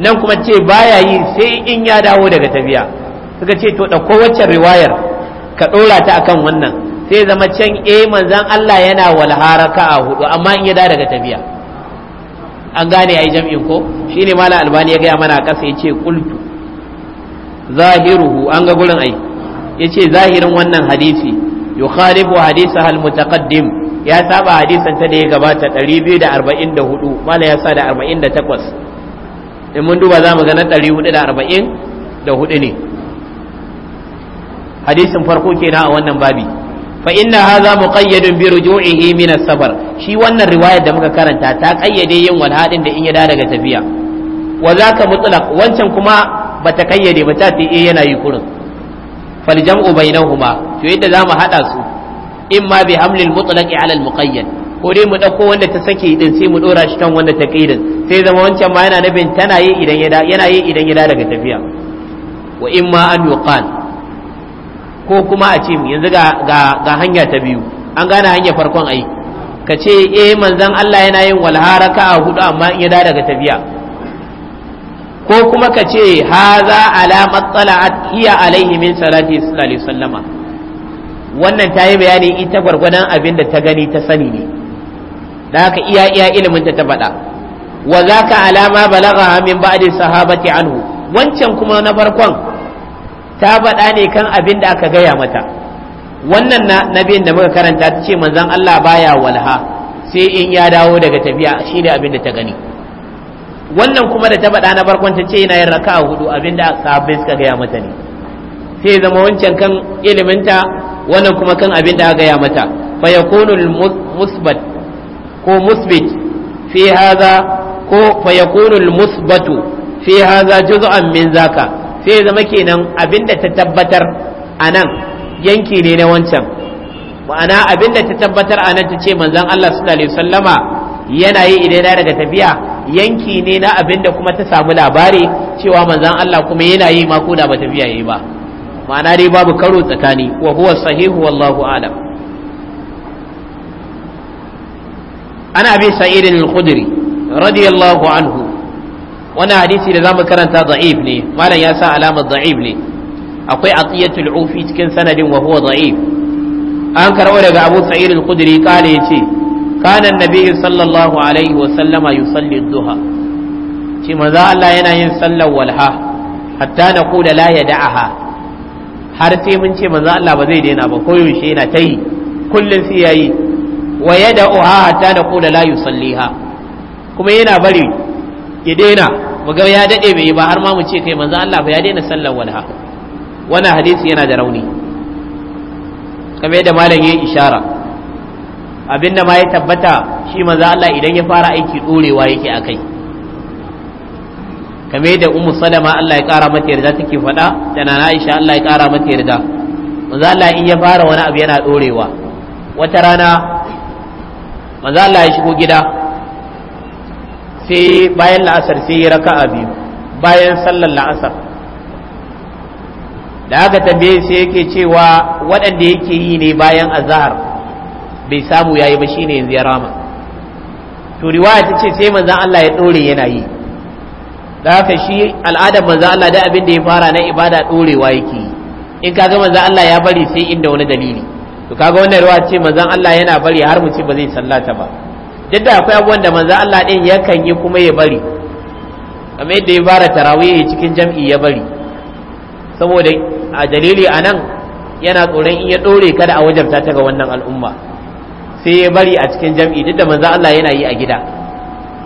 nan kuma ce baya yi sai in ya dawo daga tafiya suka ce to ɗauko waccan riwayar ka ɗora ta akan wannan sai zama can e eh, manzan Allah yana walhara ka a hudu amma in ya da daga tafiya an gane ya yi jam'in ko shi ne mala albani ya gaya mana a ƙasa ya ce kultu zahiruhu an ga gurin ai ya ce zahirin wannan hadisi yukhalifu hadisa hal mutaqaddim ya saba hadisan ta da ya gabata 244 mala ya sa da 48 in mun duba za mu ga na 444 ne hadisin farko kenan a wannan babi fa inna hadha muqayyadun bi ruju'ihi min as-safar shi wannan riwayar da muka karanta ta kayyade yin walhadin da in ya daga tafiya wa zaka mutlaq wancan kuma bata kayyade ba ta ce eh yana yi kurin fal jam'u bainahuma to yadda zamu hada su imma bi hamlil mutlaqi ala al-muqayyad ko dai mu dauko wanda ta sake din sai mu dora shi kan wanda ta kaidin sai zama wancan ma yana nabin tana yi idan ya yana yi idan ya daga tafiya wa ma an yuqal ko kuma a ce yanzu ga hanya ta biyu an gane hanya farkon ai ka ce eh manzan Allah yana yin walharaka a hudu amma in ya da daga tafiya ko kuma ka ce haza ala matsala'at hiya alaihi min salati sallallahu alaihi wasallama wannan ta yi bayani ita gwargwadon abin da ta gani ta sani ne da haka iya iya ilimin ta faɗa wa zaka alama balagha min ba'di sahabati anhu wancan kuma na farkon ta faɗa ne kan abin da aka gaya mata wannan na biyun da muka karanta ta ce manzon Allah baya walha sai in ya dawo daga tafiya shi ne abin da ta gani wannan kuma da ta faɗa na farkon ta ce yana yin raka hudu abin da sahabbai suka gaya mata ne sai zama wancan kan iliminta wannan kuma kan abin da aka gaya mata fa yakunu musbat ko musbit fi hadha ko fa yakunu musbatu fi hadha juz'an min zakat sai ya zama kenan abinda ta tabbatar a nan yanki ne na wancan ma'ana abinda ta tabbatar a nan ta ce manzon Allah su alaihi sallama yana yi idan na daga tafiya yanki ne na abinda kuma ta samu labari cewa manzon Allah kuma yana yi ma ko da ba tafiya yi ba ma'ana dai babu karo tsakani wa huwa sahihu wallahu alam ana bi sa'idin al-khudri radiyallahu anhu wani hadisi da zamu karanta da'if ne malam ya sa alamar da'if ne akwai atiyatul ufi cikin sanadin wa huwa da'if an karɓo daga abu sa'id al-khudri kale yace kana annabi sallallahu alaihi wa sallama yusalli duha ce manzo Allah yana yin sallar walha hatta na kuda la yada'aha har sai mun ce manzo Allah ba zai daina ba koyaushe yana ta yi kullun sai yayi wa yada'uha hatta na kuda la yusalliha kuma yana bari ya daina magar ya dade bai ba har ma mu ce kai manzo Allah ba ya daina sallar walha wannan hadisi yana da rauni Kame da malam yayi ishara abinda ma ya tabbata shi manzo Allah idan ya fara aiki dorewa yake akai kamar da ummu salama Allah ya kara mata yarda take faɗa da nana Aisha Allah ya kara mata yarda manzo Allah in ya fara wani abu yana dorewa wata rana manzo Allah ya shigo gida sai bayan la'asar sai yi raka a biyu bayan sallar la'asar da aka tambaye sai yake cewa waɗanda yake yi ne bayan azahar bai samu yayi ba shine yanzu ya rama to riwaya ta ce sai manzan Allah ya ɗore yana yi da haka shi al'adar manzan Allah da abin da ya fara na ibada ɗorewa yake yi in kaga manzan Allah ya bari sai inda wani dalili to kaga wannan riwaya ce manzan Allah yana bari har mu ce ba zai sallata ba duk da akwai abubuwan da manzo Allah din yakan yi kuma ya bari kamar yadda ya fara tarawih cikin jam'i ya bari saboda a dalili a nan yana tsoron in ya dore kada a wajabta ta ga wannan al'umma sai ya bari a cikin jam'i duk da manzo Allah yana yi a gida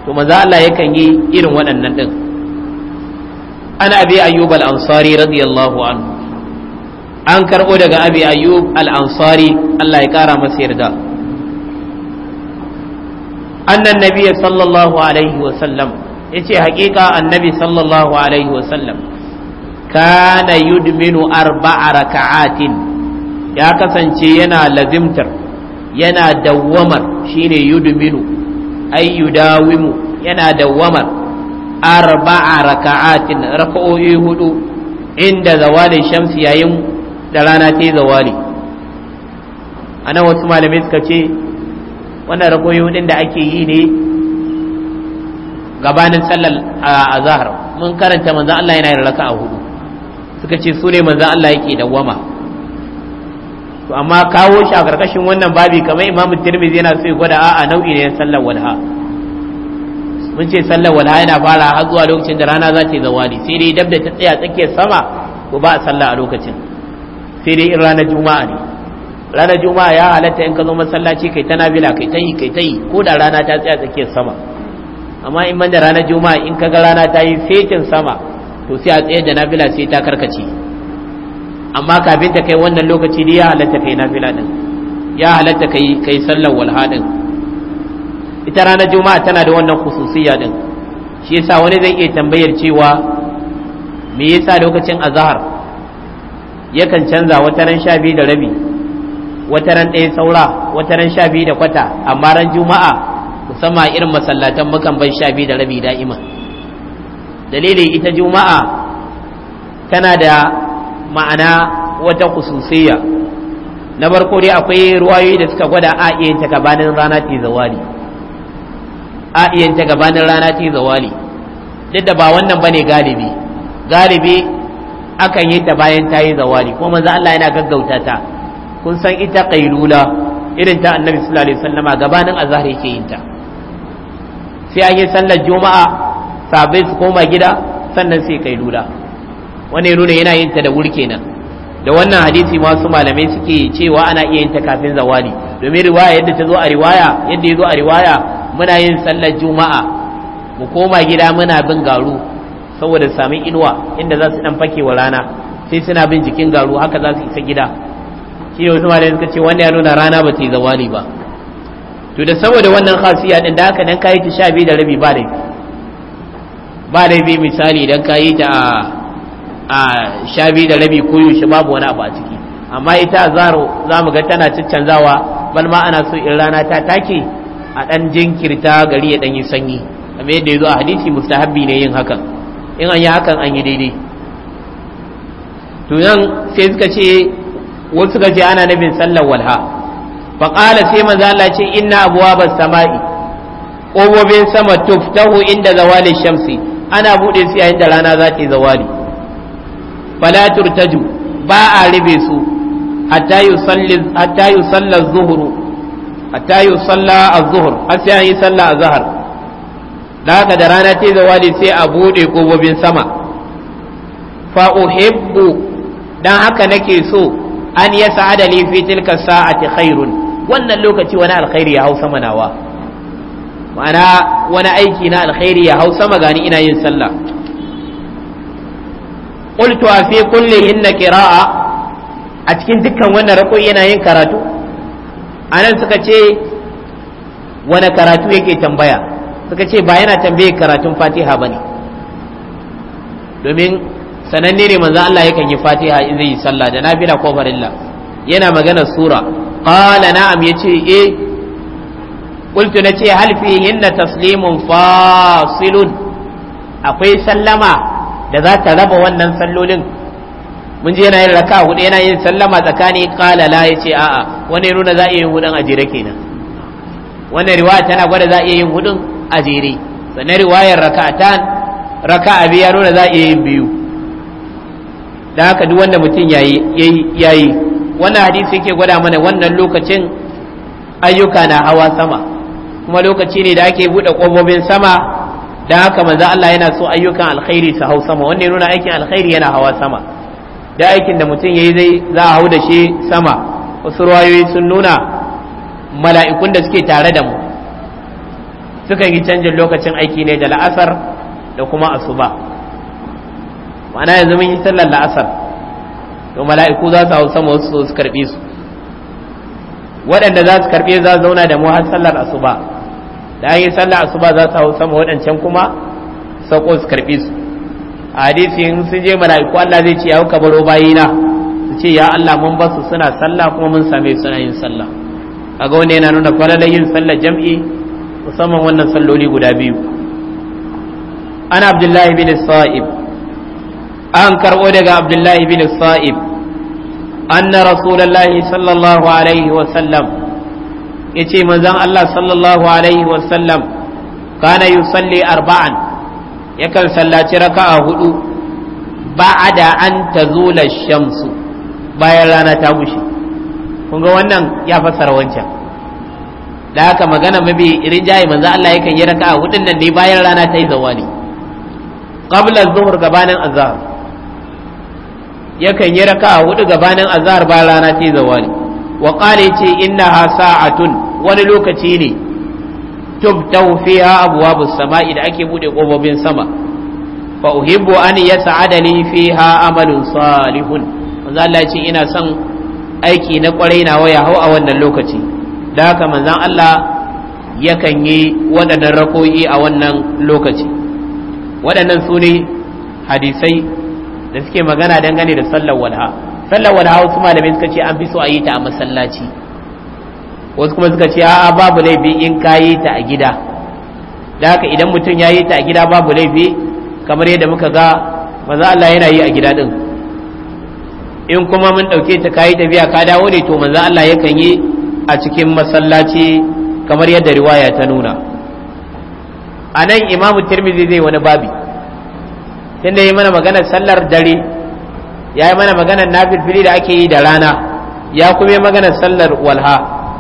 to manzo Allah yakan yi irin waɗannan din ana abi ayyub al radiyallahu anhu an karɓo daga abi ayyub al-ansari Allah ya kara masa yarda annan nabi sallallahu alaihi wa sallam yace haƙiƙa annabi sallallahu alaihi wa sallam kana yudminu arba'a raka'atin ya kasance yana lazimtar yana dawwamar shine yudminu ay yudawimu yana dawwamar arba'a raka'atin raka'o'i hudu inda zawalin shamsi yayin da rana ta zawali nan wasu malamai suka ce wannan rakoyo din da ake yi ne gabanin sallar zahar mun karanta manzan Allah yana yin a hudu suka ce su ne manzan Allah yake wama? to amma kawo shi a karkashin wannan babi kamar Imam Tirmidhi yana so ya gwada a'a nau'i ne sallar walha mun ce sallar walha yana fara har zuwa lokacin da rana za ta yi zawali sai dai dab da ta tsaya tsakiyar sama ko ba a sallah a lokacin sai dai in ranar juma'a ne ranar juma'a ya halatta in ka zo masallaci kai ta nabila kai ta yi kai ta yi ko da rana ta tsaya tsakiyar sama amma in banda ranar juma'a in ka ga rana ta yi fetin sama to sai a tsaye da nabila sai ta karkace amma kafin ta kai wannan lokaci ne ya halatta kai nabila din ya halatta kai kai sallar walha din ita ranar juma'a tana da wannan khususiyya din shi yasa wani zai iya tambayar cewa me yasa lokacin azhar yakan canza wata ran sha biyu da rabi Wata ran ɗaya saura ran sha biyu da kwata amma ran juma'a musamman irin masallatan mukan ban sha biyu da rabi da'ima dalili ita juma'a tana da ma'ana wata kususiyya na farko dai akwai ruwayoyi da suka gwada a iyanta gabanin rana ta zawali a iyanta gabanin rana ta zawali duk da ba wannan bane galibi galibi akan yi ta bayan ta yi zawali kuma manzo Allah yana gaggauta ta kun san ita qailula irin ta annabi sallallahu alaihi wasallama gabanin azhar yake yin ta sai an yi sallar juma'a sabai su koma gida sannan sai qailula wani ya nuna yana yin ta da wuri kenan da wannan hadisi masu malamai suke cewa ana iya yin ta kafin zawali domin riwaya yadda ta zo a riwaya yadda ya zo a riwaya muna yin sallar juma'a mu koma gida muna bin garu saboda samun inuwa inda za su dan fakewa rana sai suna bin jikin garu haka za su isa gida shi ne wasu malayin suka ce wanda ya nuna rana ba ta yi zawali ba to da saboda wannan khasiya din da haka dan kayi ta sha biyu da rabi ba laifi ba laifi misali dan kayi ta a sha biyu da rabi ko yaushe babu wani abu a ciki amma ita zaro za mu ga tana canzawa bal ma ana so in rana ta take a dan jinkirta gari ya dan yi sanyi kamar yadda ya zo a hadisi mustahabbi ne yin hakan in an yi hakan an yi daidai to nan sai suka ce wasu suka ce ana nufin sallar walha fa qala sai manzo Allah ce inna ba sama'i ƙofofin sama tuftahu inda zawali shamsi ana buɗe su yayin da rana za ta yi zawali fala turtaju ba a ribe su hatta yusalli hatta yusalla zuhru hatta yusalla az-zuhr har sai an yi a zahar. da haka da rana ta yi zawali sai a buɗe ƙofofin sama fa uhibbu dan haka nake so an yas'ada li fi tilka sa'ati khairun wannan lokaci wani alkhairi ya hau sama nawa ma'ana wani aiki na alkhairi ya hau sama gani ina yin sallah qultu fi kullihinna qira'a a cikin dukkan wannan rako yana yin karatu anan suka ce wani karatu yake tambaya suka ce ba yana tambaye karatun fatiha bane domin sananne ne manzo Allah yakan yi fatiha in zai yi sallah da nafila ko farilla yana magana sura qala na'am yace eh qultu nace hal fihinna taslimun fasilun akwai sallama da za ta raba wannan sallolin mun je yana yin raka hudu yana yin sallama tsakani qala la yace a'a wani nuna za a yin hudun ajire kenan wannan riwaya tana gwada za a yin hudun ajire sannan riwayar raka'atan raka'a biyar nuna za a yin biyu da haka duk wanda mutum ya yi wannan hadisi yake gwada mana wannan lokacin ayyuka na hawa sama kuma lokaci ne da ake bude kofofin sama da haka manzo Allah yana so ayyukan alkhairi su hau sama wannan nuna aikin alkhairi yana hawa sama da aikin da mutum yayi zai za a hau da shi sama wasu ruwayoyi sun nuna mala'ikun da suke tare da mu sukan yi canjin lokacin aiki ne da la'asar da kuma asuba ma'ana yanzu mun yi sallar la'asar to mala'iku za su hau sama wasu su karbe su waɗanda za su karbe za su zauna da mu har sallar asuba da an yi sallar asuba za su hau sama waɗancan kuma sauko su karbe su a hadisi in sun je mala'iku Allah zai ce ya hau kabaro bayina su ce ya Allah mun ba su suna sallah kuma mun same su na yin sallah kaga wanda yana nuna falalar yin sallar jam'i musamman wannan salloli guda biyu Ana abdullahi bin sa'ib an karɓo daga abdullahi bin sa'ib anna rasulullahi sallallahu alaihi wasallam ya ce manzan Allah sallallahu alaihi wasallam kana yusalli arba'an yakan sallaci raka raka'a hudu ba'ada an ta zula shamsu bayan rana ta gushe. kun ga wannan ya fassara wancan da haka magana mabi irin jayi manzo Allah yakan yi raka a hudun nan ne bayan rana ta yi zawani? qabla zuhur gabanin azhar yakan yi raka a hudu gabanin azhar ba rana ce zawali wa qala ce innaha sa'atun wani lokaci ne tub tawfiha abwabus sama'i da ake bude kofofin sama fa uhibbu an yas'ada li fiha amalun salihun manzo Allah yace ina son aiki na kwarai na waya hau a wannan lokaci da haka manzon Allah yakan yi waɗannan rako'i a wannan lokaci waɗannan su ne hadisai da suke magana dangane da sallar walha sallar walha wasu malamai suka ce an fi so a yi ta a masallaci wasu kuma suka ce a'a babu laifi in ka yi ta a gida da haka idan mutum ya yi ta a gida babu laifi kamar yadda muka ga maza Allah yana yi a gida din in kuma mun ɗauke ta kayi tafiya ka dawo ne to maza Allah yakan yi a cikin masallaci kamar yadda riwaya ta nuna a nan imamu tirmidhi zai wani babi tunda yi mana maganar sallar dare ya yi mana maganar nafilfili da ake yi da rana ya kuma yi maganar sallar walha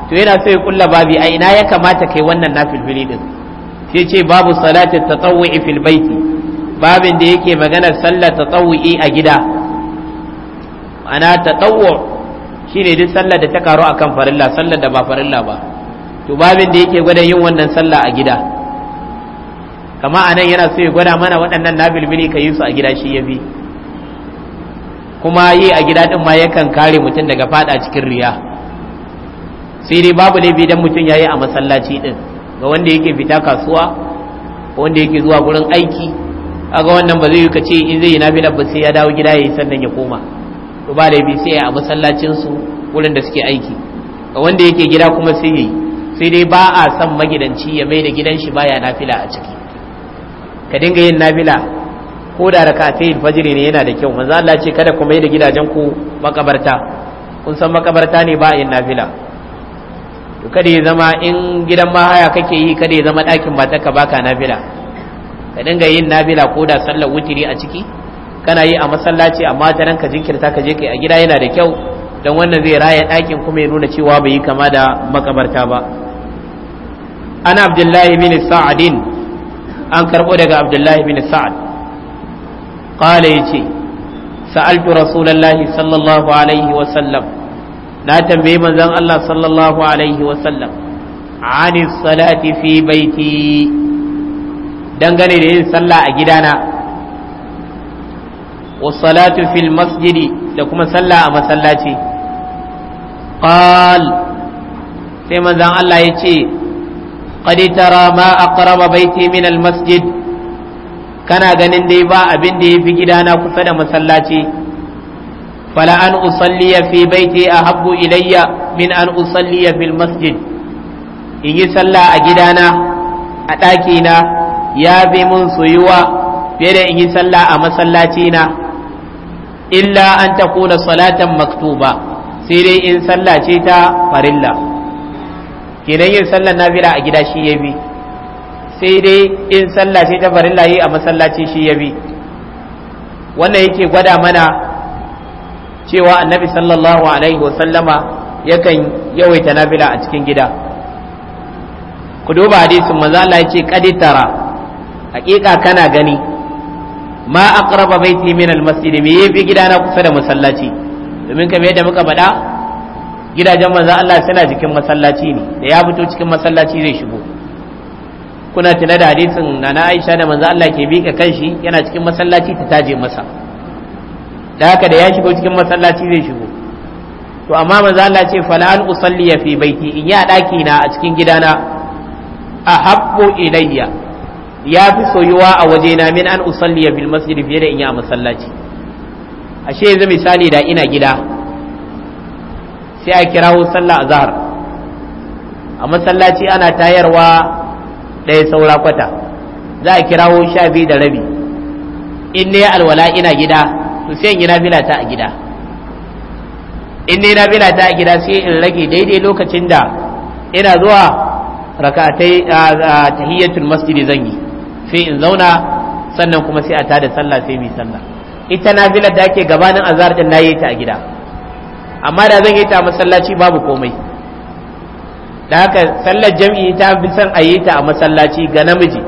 to yana so ya kulla babi a ina ya kamata kai wannan nafilfili din sai ce babu salati tatawwi fil baiti babin da yake maganar sallar tatawwi a gida ana tatawwu shine duk sallar da ta karu akan farilla sallar da ba farilla ba to babin da yake gwada yin wannan sallah a gida kama nan yana so ya gwada mana waɗannan bilbili ka yi su a gida shi ya bi kuma yi a gida ɗin ma yakan kare mutum daga fada cikin riya sai dai babu laifi dan mutum ya yi a masallaci ɗin ga wanda yake fita kasuwa wanda yake zuwa gurin aiki aga wannan ba zai yi kace in zai yi nafila ba sai ya dawo gida ya yi sannan ya koma to ba laifi sai a masallacin su wurin da suke aiki ga wanda yake gida kuma sai yi sai dai ba a san magidanci ya mai da gidan shi baya nafila a ciki ka dinga yin nafila ko da rak'atayil fajiri ne yana da kyau manzo Allah ce kada ku mai da gidajen ku makabarta kun san makabarta ne ba yin nafila to kada ya zama in gidan mahaya kake yi kada ya zama ɗakin ka baka nafila ka dinga yin nafila ko da sallar wutiri a ciki kana yi a masallaci amma ta ka jinkirta ka je kai a gida yana da kyau don wannan zai raya ɗakin kuma ya nuna cewa bai yi kama da makabarta ba Ana abdullahi bin sa'adin an karbo daga abdullahi bin sa'ad qala yace sa'altu rasulullahi sallallahu alaihi wa sallam na tambaye manzon Allah sallallahu alaihi wa sallam ani salati fi baiti dangane da yin sallah a gidana wa salatu fil masjidi da kuma sallah a masallaci qal sai manzon Allah yace qad tara ma aqraba baiti min al kana ganin dai ba abin da yafi gidana kusa da masallaci fala an usalliya fi baiti ahabbu ilayya min an usalliya fil masjid in yi a gidana a ɗakina ya bi mun soyuwa fiye da in yi sallah a masallacina illa an takuna salatan maktuba sai dai in sallah ta farilla kenan yin sallar nafila a gida shi ya bi sai dai in sallah sai ta bari layi a masallaci shi ya bi wannan yake gwada mana cewa annabi sallallahu alaihi sallama yakan yawaita nafila a cikin gida ku duba hadisin manzo Allah yace qaditara hakika kana gani ma aqraba baiti min al-masjid me yafi na kusa da masallaci domin kamar yadda muka faɗa gidajen manzan Allah suna jikin masallaci ne da ya fito cikin masallaci zai shigo kuna tuna da hadisin na na Aisha da manzan Allah ke bika kanshi yana cikin masallaci ta taje masa da haka da ya shigo cikin masallaci zai shigo to amma manzan Allah ce fala an usalli fi baiti in ya daki na a cikin gidana ahabbu ilayya ya fi soyuwa a waje na min an usalli fil masjid fiye da in ya masallaci ashe yanzu misali da ina gida sai a kirawo sallah azhar a masallaci ana tayarwa ɗaya saura kwata za a kirawo sha biyu da rabi in ne alwala ina gida to sai in yi nafila ta a gida in ne nafila ta a gida sai in rage daidai lokacin da ina zuwa rakatai tahiyyatul masjidi zan yi sai in zauna sannan kuma sai a tada sallah sai mu sallah ita nafilar da ake gabanin azhar din nayi ta a gida amma da zan yi ta masallaci babu komai da haka sallar jam'i ta fi son a yi ta a masallaci ga namiji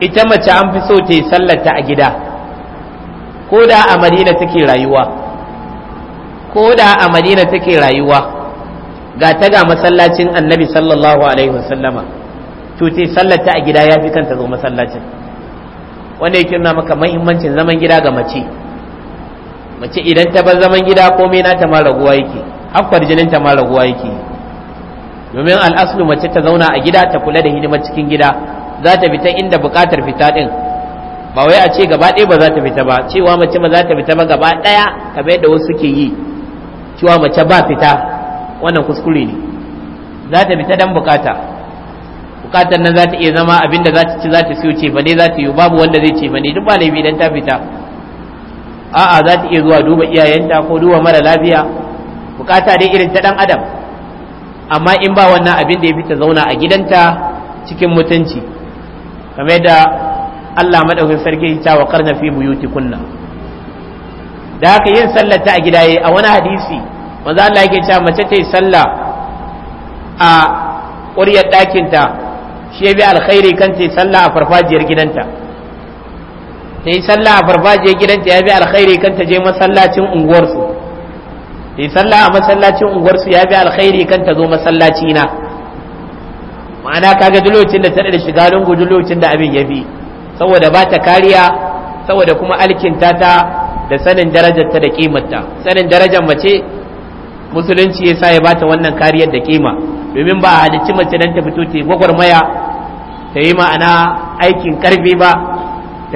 ita mace an fi so ta yi sallar ta a gida ko da a madina take rayuwa ko da a madina take rayuwa ga ta ga masallacin annabi sallallahu alaihi wasallama to ta sallar ta a gida ya fi kanta zo masallacin wanda yake nuna maka mahimmancin zaman gida ga mace mace idan ta bar zaman gida ko mai ta ma raguwa yake afkwar jinin ta ma raguwa yake domin al'aslu mace ta zauna a gida ta kula da hidimar cikin gida za ta fita inda buƙatar fita din ba wai a ce gaba ɗaya ba za ta fita ba cewa mace ba za ta fita ba gaba ɗaya kamar yadda wasu ke yi cewa mace ba fita wannan kuskure ne za ta fita dan buƙata bukatar nan za ta iya zama abin da za ta ci za ta siyo ce ba ne za ta yi babu wanda zai ce ba ne duk ba laifi idan ta fita a'a za ta iya zuwa duba iyayenta ko duba mara lafiya bukata dai irin ta dan adam amma in ba wannan abin da ya fi ta zauna a gidanta cikin mutunci game da Allah madaukakin sarki ya wa karna fi kunna. da haka yin sallar ta a gida yayi a wani hadisi manzo Allah yake cewa mace ta yi sallah a ƙuryar ɗakinta shi ya bi alkhairi kan ta yi sallah a farfajiyar gidanta ta yi sallah a farfajiyar gidanta ya bi alkhairi kan ta je masallacin unguwarsu ta yi sallah a masallacin unguwarsu ya bi alkhairi kan ta zo masallaci na ma'ana kaga dulocin da ta da shiga lungu dulocin da abin ya bi saboda ba ta kariya saboda kuma alkinta ta da sanin ta da kimarta sanin darajar mace musulunci ya sa ya bata wannan kariyar da kima domin ba a halicci mace nan ta fito ta yi gwagwarmaya ta yi ma'ana aikin karfi ba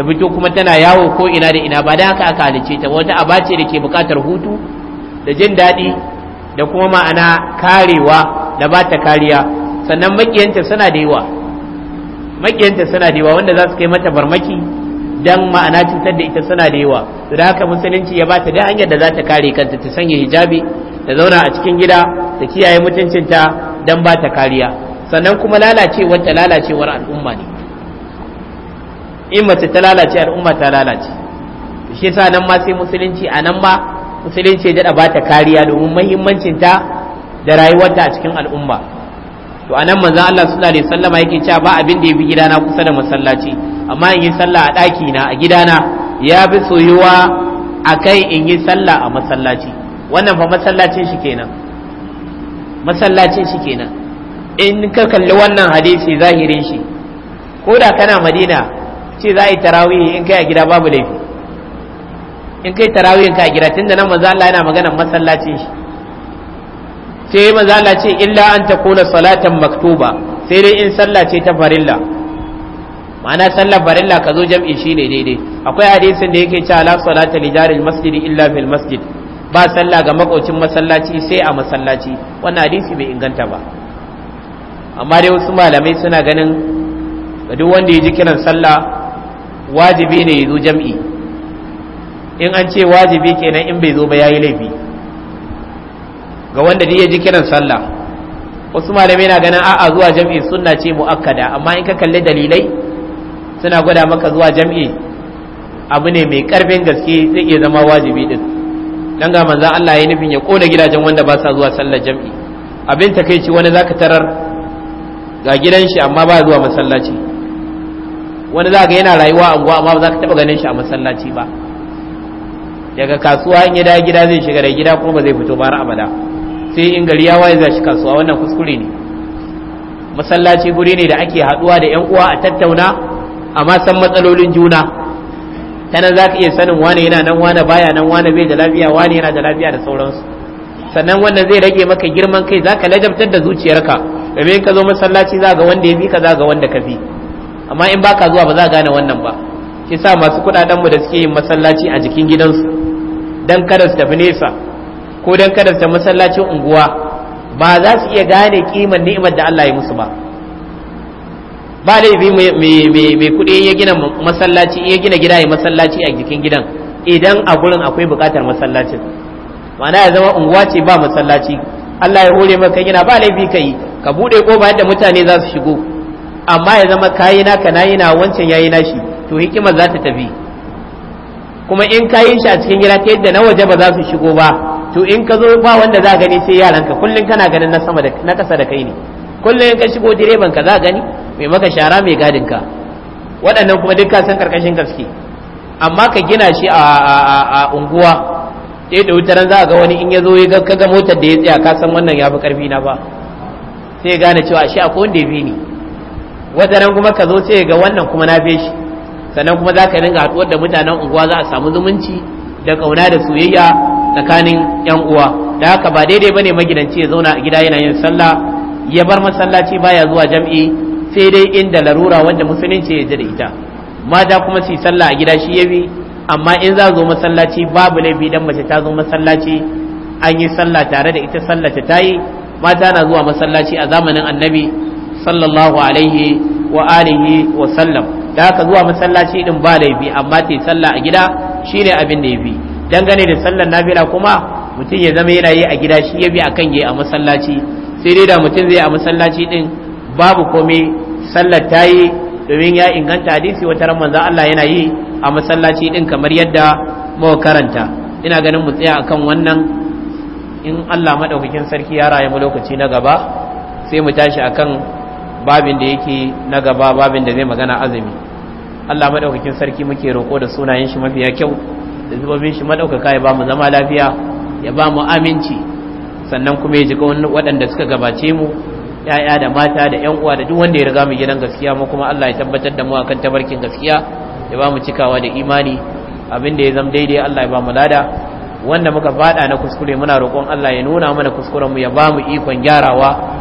ta fito kuma tana yawo ko ina da ina ba da haka aka halice ta wata aba ce da ke bukatar hutu da jin daɗi da kuma ma'ana karewa da ba ta kariya sannan makiyanta suna da yawa makiyanta suna da yawa wanda za su kai mata barmaki dan ma'ana cutar da ita suna da yawa to da haka musulunci ya ba ta da hanyar da za ta kare kanta ta sanya hijabi ta zauna a cikin gida ta kiyaye mutuncinta dan ba ta kariya sannan kuma lalacewar ta lalacewar al'umma ne in mace ta lalace al'umma ta lalace shi sa nan ma sai musulunci a nan ma musulunci ya daɗa ba ta kariya domin mahimmancin ta da rayuwarta a cikin al'umma to a anan manzan Allah su alaihi sallama yake cewa ba abin da ya bi gidana kusa da masallaci amma in yi sallah a ɗaki na a gidana ya bi soyuwa a akai in yi sallah a masallaci wannan fa masallacin shi kenan masallacin shi kenan in ka kalli wannan hadisi zahirin shi ko da kana madina ce za a yi tarawih in kai a gida babu laifi in kai tarawih in kai a gida da nan maza Allah yana maganar masallaci sai maza Allah ce illa an ta kuna salatan maktuba sai dai in sallah ce ta farilla ma'ana sallar farilla ka zo jam'i ne daidai akwai hadisin da yake cewa ala salata li masjidi illa fil masjid ba sallah ga makocin masallaci sai a masallaci wannan hadisi bai inganta ba amma dai wasu malamai suna ganin duk wanda ya ji kiran sallah wajibi ne ya zo jam'i in an ce wajibi kenan in bai zo ba ya yi laifi ga wanda duk ya ji kiran sallah wasu malamai na ganin a'a zuwa jam'i suna ce muakkada amma in ka kalli dalilai suna gwada maka zuwa jam'i abu ne mai karfin gaske zai iya zama wajibi din dan ga manzon Allah ya nufin ya kona gidajen wanda ba sa zuwa sallar jam'i abin takaici wani zaka tarar ga gidan shi amma ba zuwa masallaci wani za ga yana rayuwa a unguwa amma ba za ka taba ganin shi a masallaci ba daga kasuwa in ya dawo gida zai shiga da gida kuma ba zai fito ba har abada sai in gari ya waye za shi kasuwa wannan kuskure ne masallaci guri ne da ake haduwa da yan uwa a tattauna amma san matsalolin juna Tana za ka iya sanin wane yana nan wane baya nan wane bai da lafiya wane yana da lafiya da sauransu sannan wanda zai rage maka girman kai za ka lajabtar da zuciyarka in ka zo masallaci za ga wanda ya bi ka za ga wanda ka bi. amma in baka zuwa ba za gane wannan ba shi sa masu kudaden mu da suke yin masallaci a jikin gidansu dan kada su tafi nesa ko dan kada su masallacin unguwa ba za su iya gane kiman ni'imar da Allah ya musu ba ba laifi mai kuɗi ya gina masallaci ya gina gida ya masallaci a jikin gidan idan a gurin akwai buƙatar masallacin ma'ana ya zama unguwa ce ba masallaci Allah ya hore maka gina ba laifi ka yi ka buɗe ko ba yadda mutane za su shigo amma ya zama kayi naka nayi na wancan yayi nashi to hikimar za ta tafi kuma in kayi shi a cikin gida ta yadda na waje ba za su shigo ba to in ka zo ba wanda za gani sai yaran ka kullum kana ganin na sama da na kasa da kai ne kullum in ka shigo direban ka za gani mai maka shara mai gadin ka waɗannan kuma duk san karkashin gaske amma ka gina shi a unguwa sai da wutaran za a ga wani in ya zo ya ga motar da ya tsaya ka san wannan ya fi karfi na ba sai gane cewa shi akwai wanda ya bi ni wata nan kuma ka zo sai ga wannan kuma na fi shi sannan kuma za ka dinga haɗuwar da mutanen unguwa za a samu zumunci da ƙauna da soyayya tsakanin yan uwa da haka ba daidai bane magidanci ya zauna a gida yana yin sallah ya bar masallaci baya zuwa jam'i sai dai inda larura wanda musulunci ya ji da ita mata kuma su yi sallah a gida shi ya bi amma in za zo masallaci babu laifi dan mace ta zo masallaci an yi sallah tare da ita sallah ta tayi mata na zuwa masallaci a zamanin annabi sallallahu alaihi wa alihi wa sallam da haka zuwa masallaci din ba laifi amma sai sallah a gida shine abin da yafi dangane da sallar nafila kuma mutum ya zama yana yi a gida shi ya bi akan yi a masallaci sai dai da mutum zai a masallaci din babu komai sallar ta yi domin ya inganta hadisi wata ran manzo Allah yana yi a masallaci din kamar yadda muka karanta ina ganin mu tsaya akan wannan in Allah madaukakin sarki ya rayu mu lokaci na gaba sai mu tashi akan babin da yake na gaba babin da zai magana azumi Allah madaukakin sarki muke roko da sunayen shi mafiya kyau da zubabin shi madaukaka ya bamu zama lafiya ya bamu aminci sannan kuma ya jiga waɗanda suka gabace mu ya'ya da mata da yan uwa da duk wanda ya riga mu gidan gaskiya mu kuma Allah ya tabbatar da mu akan tabarkin gaskiya ya bamu cikawa da imani abin da ya zama daidai Allah ya bamu lada wanda muka fada na kuskure muna roƙon Allah ya nuna mana kuskuren mu ya ba mu ikon gyarawa